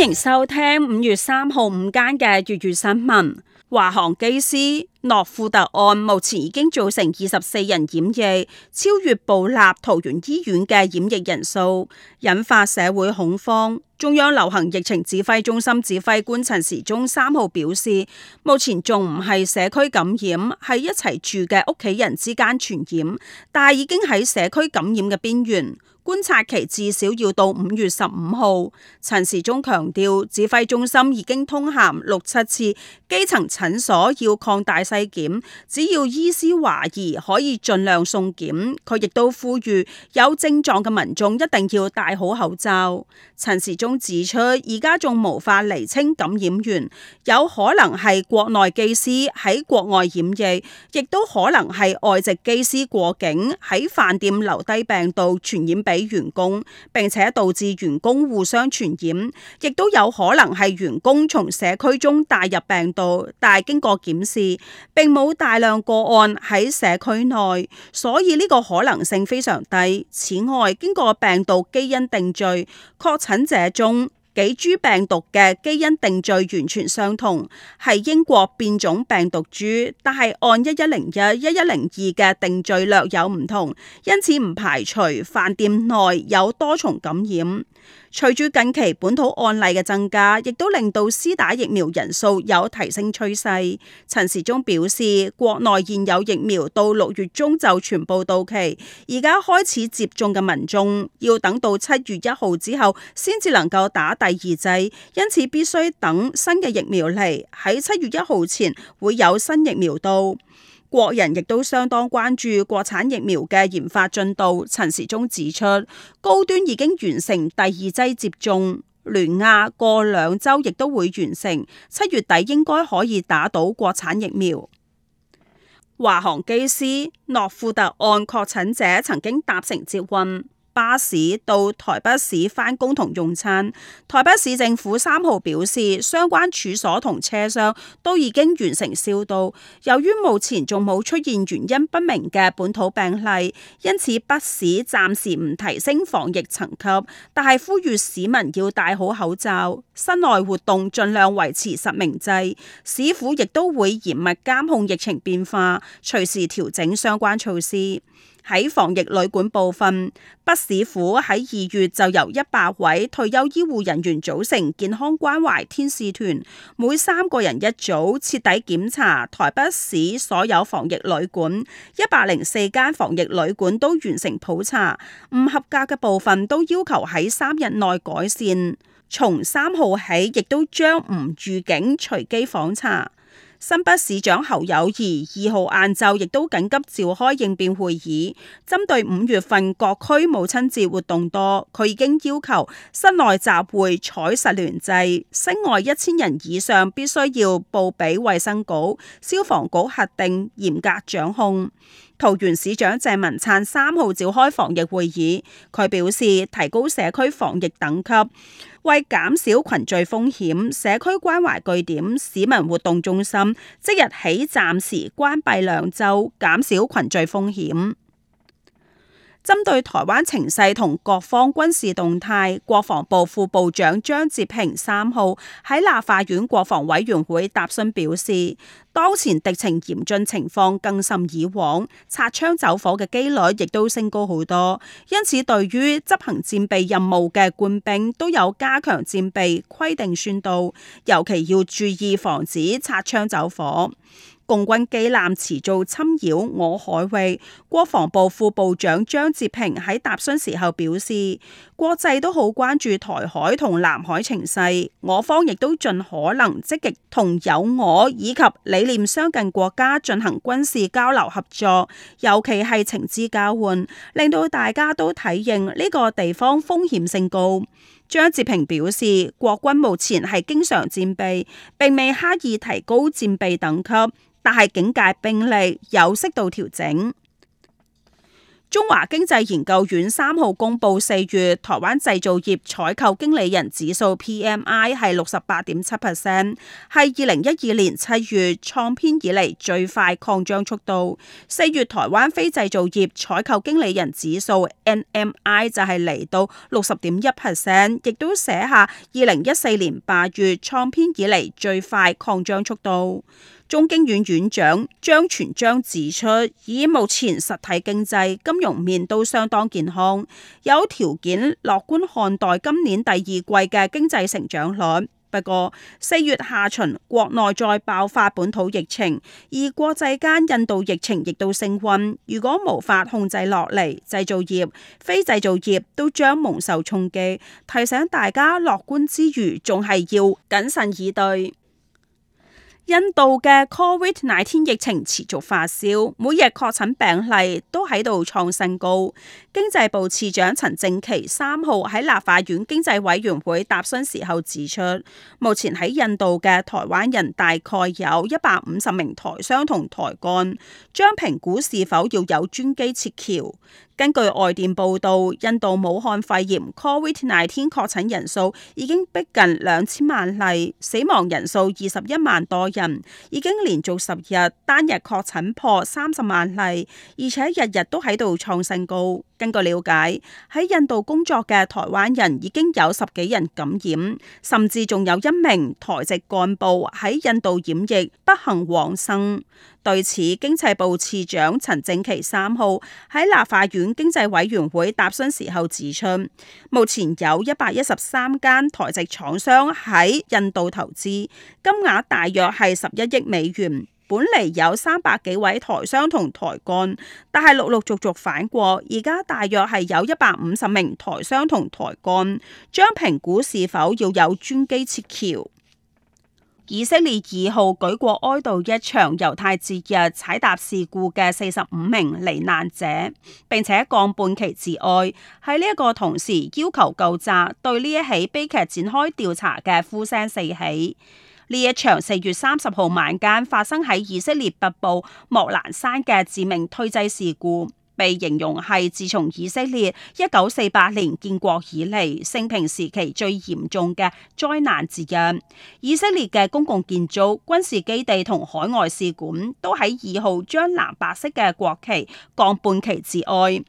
歡迎收聽五月三號午間嘅粵語新聞。華航機師諾富特案目前已經造成二十四人染疫，超越部立桃園醫院嘅染疫人數，引發社會恐慌。中央流行疫情指揮中心指揮官陳時中三號表示，目前仲唔係社區感染，係一齊住嘅屋企人之間傳染，但已經喺社區感染嘅邊緣。觀察期至少要到五月十五號。陳時中強調，指揮中心已經通函六七次，基層診所要擴大篩檢，只要醫師懷疑，可以盡量送檢。佢亦都呼籲有症狀嘅民眾一定要戴好口罩。陳時中指出，而家仲無法釐清感染源，有可能係國內機師喺國外染疫，亦都可能係外籍機師過境喺飯店留低病毒傳染俾員工，並且導致員工互相傳染，亦都有可能係員工從社區中帶入病毒，但係經過檢視，並冇大量個案喺社區內，所以呢個可能性非常低。此外，經過病毒基因定序，確診者中，幾株病毒嘅基因定序完全相同，係英國變種病毒株，但係按一一零一、一一零二嘅定序略有唔同，因此唔排除飯店內有多重感染。隨住近期本土案例嘅增加，亦都令到施打疫苗人數有提升趨勢。陳時中表示，國內現有疫苗到六月中就全部到期，而家開始接種嘅民眾要等到七月一號之後先至能夠打第二劑，因此必須等新嘅疫苗嚟。喺七月一號前會有新疫苗到。國人亦都相當關注國產疫苗嘅研發進度。陳時中指出，高端已經完成第二劑接種，聯亞過兩周亦都會完成，七月底應該可以打到國產疫苗。華航機師諾富特案確診者曾經搭乘捷運，巴士到台北市返工同用餐。台北市政府三號表示，相關處所同車廂都已經完成消毒。由於目前仲冇出現原因不明嘅本土病例，因此北市暫時唔提升防疫層級，但係呼籲市民要戴好口罩，室內活動盡量維持實名制。市府亦都會嚴密監控疫情變化，隨時調整相關措施。喺防疫旅館部分，北市府喺二月就由一百位退休醫護人員組成健康關懷天使團，每三個人一組，徹底檢查台北市所有防疫旅館。一百零四間防疫旅館都完成普查，唔合格嘅部分都要求喺三日內改善。從三號起，亦都將唔預警隨機訪查。新北市長侯友宜二號晏晝亦都緊急召開應變會議，針對五月份各區母親節活動多，佢已經要求室內集會採實聯制，室外一千人以上必須要報俾衛生局、消防局核定，嚴格掌控。桃園市長鄭文燦三號召開防疫會議，佢表示提高社區防疫等級。為減少群聚風險，社區關懷據點、市民活動中心即日起暫時關閉兩週，減少群聚風險。針對臺灣情勢同各方軍事動態，國防部副部長張哲平三號喺立法院國防委員會答詢表示，當前敵情嚴峻情況更甚以往，擦槍走火嘅機率亦都升高好多，因此對於執行戰備任務嘅官兵都有加強戰備規定宣導，尤其要注意防止擦槍走火。共軍機艦持續侵擾我海域，國防部副部長張哲平喺答詢時候表示，國際都好關注台海同南海情勢，我方亦都盡可能積極同有我以及理念相近國家進行軍事交流合作，尤其係情資交換，令到大家都體認呢個地方風險性高。張哲平表示，國軍目前係經常戰備，並未刻意提高戰備等級，但係警戒兵力有適度調整。中華經濟研究院三號公布四月台灣製造業採購經理人指數 PMI 係六十八點七 percent，係二零一二年七月創編以嚟最快擴張速度。四月台灣非製造業採購經理人指數 NMI 就係嚟到六十點一 percent，亦都寫下二零一四年八月創編以嚟最快擴張速度。中經院院長張傳章指出，以目前實體經濟、金融面都相當健康，有條件樂觀看待今年第二季嘅經濟成長率。不過四月下旬國內再爆發本土疫情，而國際間印度疫情亦都升溫，如果無法控制落嚟，製造業、非製造業都將蒙受衝擊。提醒大家樂觀之餘，仲係要謹慎以對。印度嘅 Covid 廿天疫情持續發燒，每日確診病例都喺度創新高。經濟部次長陳正奇三號喺立法院經濟委員會答詢時候指出，目前喺印度嘅台灣人大概有一百五十名台商同台幹，將評估是否要有專機設橋。根據外電報導，印度武漢肺炎 （Covid-19） 確診人數已經逼近兩千萬例，死亡人數二十一萬多人，已經連續十日單日確診破三十萬例，而且日日都喺度創新高。根據了解，喺印度工作嘅台灣人已經有十幾人感染，甚至仲有一名台籍幹部喺印度染疫，不幸往生。對此，經濟部次長陳正奇三號喺立法院經濟委員會答詢時候指出，目前有一百一十三間台籍廠商喺印度投資，金額大約係十一億美元。本嚟有三百幾位台商同台幹，但係陸陸續續反過。而家大約係有一百五十名台商同台幹，將評估是否要有專機撤僑。以色列二號舉國哀悼一場猶太節日踩踏事故嘅四十五名罹難者，並且降半旗致哀。喺呢一個同時要求究責對呢一起悲劇展開調查嘅呼聲四起。呢一場四月三十號晚間發生喺以色列北部莫蘭山嘅致命推擠事故，被形容係自從以色列一九四八年建國以嚟，承平時期最嚴重嘅災難之一。以色列嘅公共建築、軍事基地同海外使館都喺二號將藍白色嘅國旗降半旗致哀。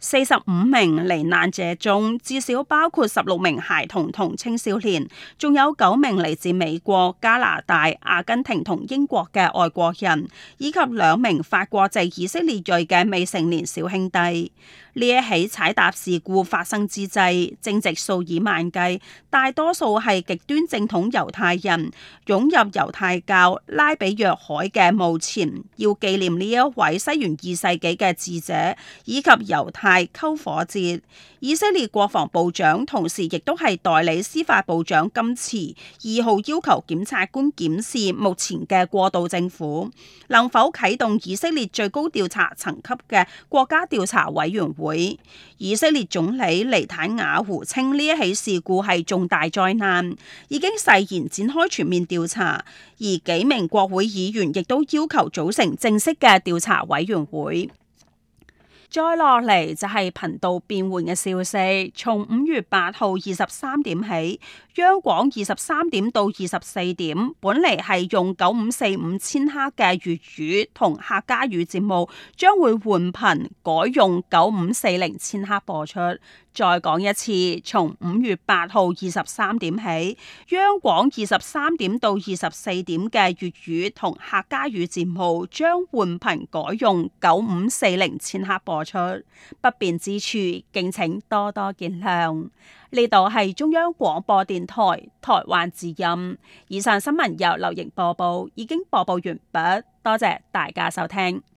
四十五名罹難者中，至少包括十六名孩童同青少年，仲有九名嚟自美國、加拿大、阿根廷同英國嘅外國人，以及兩名法國籍以色列裔嘅未成年小兄弟。呢一起踩踏事故發生之際，正值數以萬計，大多數係極端正統猶太人湧入猶太教拉比約海嘅墓前，要紀念呢一位西元二世紀嘅智者，以及猶。太篝火節，以色列國防部長同時亦都係代理司法部長，今次二號要求檢察官檢視目前嘅過渡政府能否啟動以色列最高調查層級嘅國家調查委員會。以色列總理尼坦雅胡稱呢一起事故係重大災難，已經誓言展開全面調查，而幾名國會議員亦都要求組成正式嘅調查委員會。再落嚟就係頻道變換嘅消息，從五月八號二十三點起，央廣二十三點到二十四點，本嚟係用九五四五千赫嘅粵語同客家語節目，將會換頻改用九五四零千赫播出。再講一次，從五月八號二十三點起，央廣二十三點到二十四點嘅粵語同客家語節目將換頻改用九五四零千赫播出，不便之處敬請多多見諒。呢度係中央廣播電台台灣之音，以上新聞由劉瑩播報，已經播報完畢，多謝大家收聽。